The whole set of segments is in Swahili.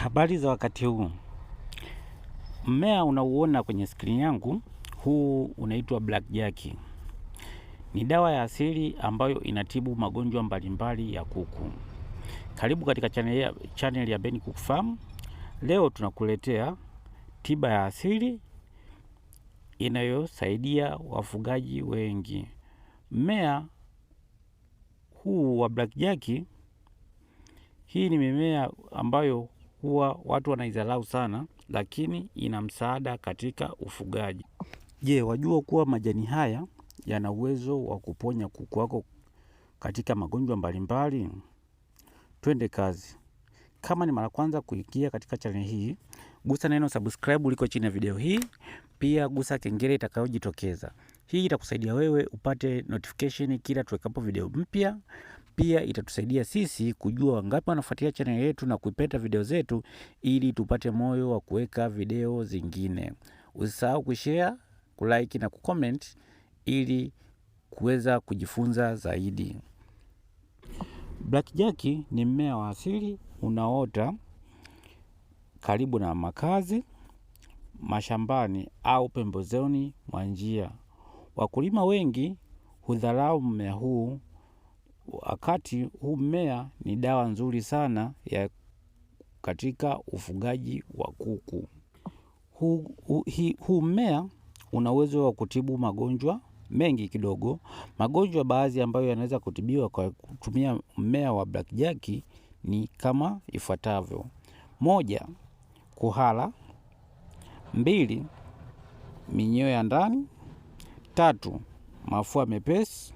Habari za wakati huu. Mmea unauona kwenye skrini yangu huu unaitwa Jack. Ni dawa ya asili ambayo inatibu magonjwa mbalimbali ya kuku. Karibu katika chaneli ya, channel ya Ben Kuku Farm. Leo tunakuletea tiba ya asili inayosaidia wafugaji wengi. Mmea huu wa Jack, hii ni mimea ambayo huwa watu wanaidharau sana, lakini ina msaada katika ufugaji. Je, wajua kuwa majani haya yana uwezo wa kuponya kuku wako katika magonjwa mbalimbali? Twende kazi. Kama ni mara kwanza kuingia katika chaneli hii, gusa neno subscribe uliko chini ya video hii, pia gusa kengele itakayojitokeza. Hii itakusaidia wewe upate notification kila tuwekapo video mpya pia itatusaidia sisi kujua wangapi wanafuatilia channel yetu na kuipenda video zetu, ili tupate moyo wa kuweka video zingine. Usisahau kushare, kulike na kucomment ili kuweza kujifunza zaidi. Blackjack ni mmea wa asili unaota karibu na makazi, mashambani au pembezoni mwa njia. Wakulima wengi hudharau mmea huu wakati huu mmea ni dawa nzuri sana ya katika ufugaji wa kuku. Huu hu, mmea una uwezo wa kutibu magonjwa mengi kidogo. Magonjwa baadhi ambayo yanaweza kutibiwa kwa kutumia mmea wa blackjack ni kama ifuatavyo: moja, kuhara; mbili, minyoo ya ndani; tatu, mafua mepesi;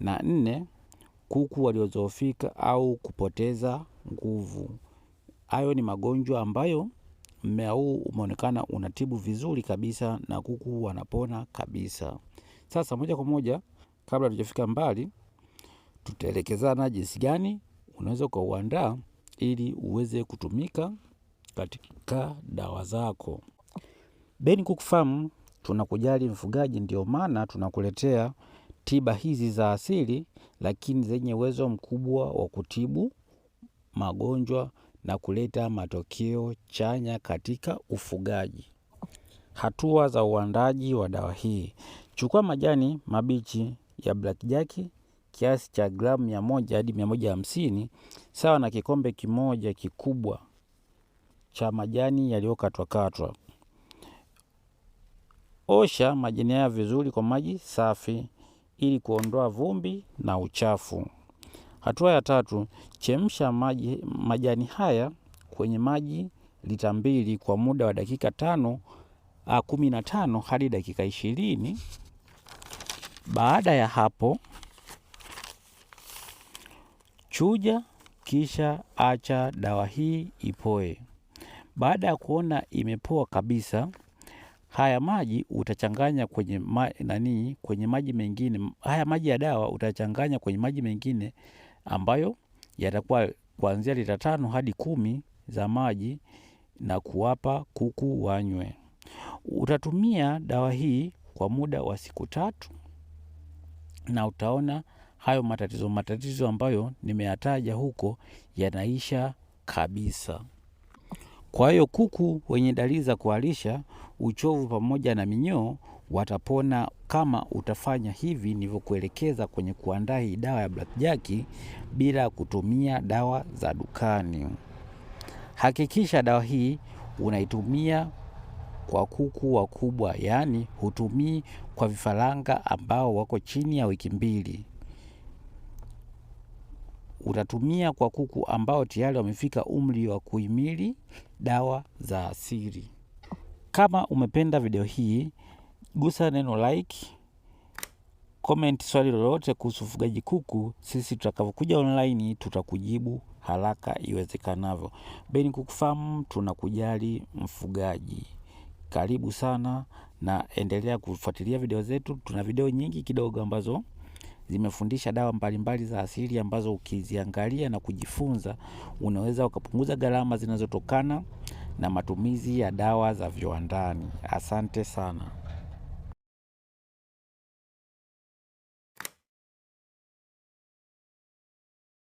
na nne, kuku waliozoofika au kupoteza nguvu. Hayo ni magonjwa ambayo mmea huu umeonekana unatibu vizuri kabisa na kuku wanapona kabisa. Sasa moja kwa moja, kabla tujafika mbali, tutaelekezana jinsi gani unaweza ukauandaa ili uweze kutumika katika dawa zako. Beni Kuku Farm tunakujali mfugaji, ndio maana tunakuletea tiba hizi za asili, lakini zenye uwezo mkubwa wa kutibu magonjwa na kuleta matokeo chanya katika ufugaji. Hatua za uandaji wa dawa hii: chukua majani mabichi ya blackjack kiasi cha gramu mia moja hadi mia moja hamsini sawa na kikombe kimoja kikubwa cha majani yaliyokatwakatwa. Osha majani haya vizuri kwa maji safi ili kuondoa vumbi na uchafu. Hatua ya tatu, chemsha maji, majani haya kwenye maji lita mbili kwa muda wa dakika tano kumi na tano hadi dakika ishirini. Baada ya hapo chuja, kisha acha dawa hii ipoe. Baada ya kuona imepoa kabisa, haya maji utachanganya kwenye ma, nani kwenye maji mengine, haya maji ya dawa utachanganya kwenye maji mengine ambayo yatakuwa kuanzia lita tano hadi kumi za maji na kuwapa kuku wanywe. Utatumia dawa hii kwa muda wa siku tatu na utaona hayo matatizo matatizo ambayo nimeyataja huko yanaisha kabisa. Kwa hiyo kuku wenye dalili za kuharisha uchovu pamoja na minyoo watapona kama utafanya hivi nilivyokuelekeza kwenye kuandaa hii dawa ya blackjack bila kutumia dawa za dukani. Hakikisha dawa hii unaitumia kwa kuku wakubwa, yaani hutumii kwa vifaranga ambao wako chini ya wiki mbili. Utatumia kwa kuku ambao tayari wamefika umri wa kuhimili dawa za asili. Kama umependa video hii, gusa neno like, comment swali lolote kuhusu ufugaji kuku. Sisi tutakavyokuja online tutakujibu haraka iwezekanavyo. Beni Kuku tunakujali mfugaji. Karibu sana na endelea kufuatilia video zetu. Tuna video nyingi kidogo ambazo zimefundisha dawa mbalimbali za asili ambazo ukiziangalia na kujifunza unaweza ukapunguza gharama zinazotokana na matumizi ya dawa za viwandani. Asante sana.